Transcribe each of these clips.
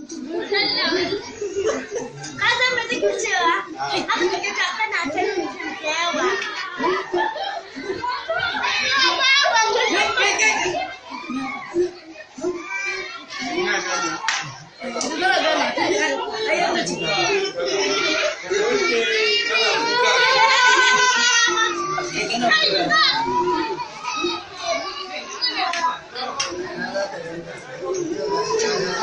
Casa me te cuceva. Anche che cazzo nasce il cuceva. Thank you.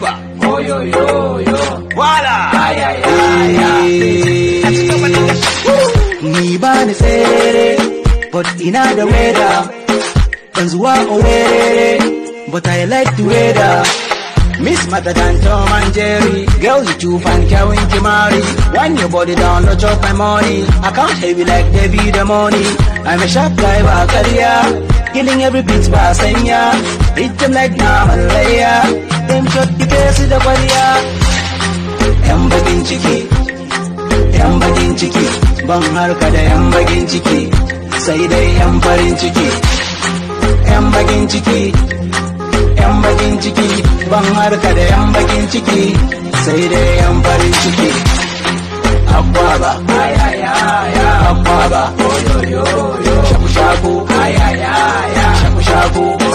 Bye. Yo, yo, yo, Wala. Ay, ay, ay, ay. Ni ba ni but in the weather. Guns wa awere, but I like the weather. Miss Mother than Tom and Jerry Girls, you too fine, can Karen Kimari When your body down, not chop my money I can't heavy like Debbie the money I'm a sharp guy, but I career killing every beat ba sanya beat them like naman layya them shot kike su da kwariya yan bakin ciki yan bakin ciki ban harka da yan bakin ciki sai dai yan farin ciki yan bakin ciki yan bakin ciki ban harka da yan bakin ciki sai dai yan farin ciki abba ba abba ba yo. shago shago shago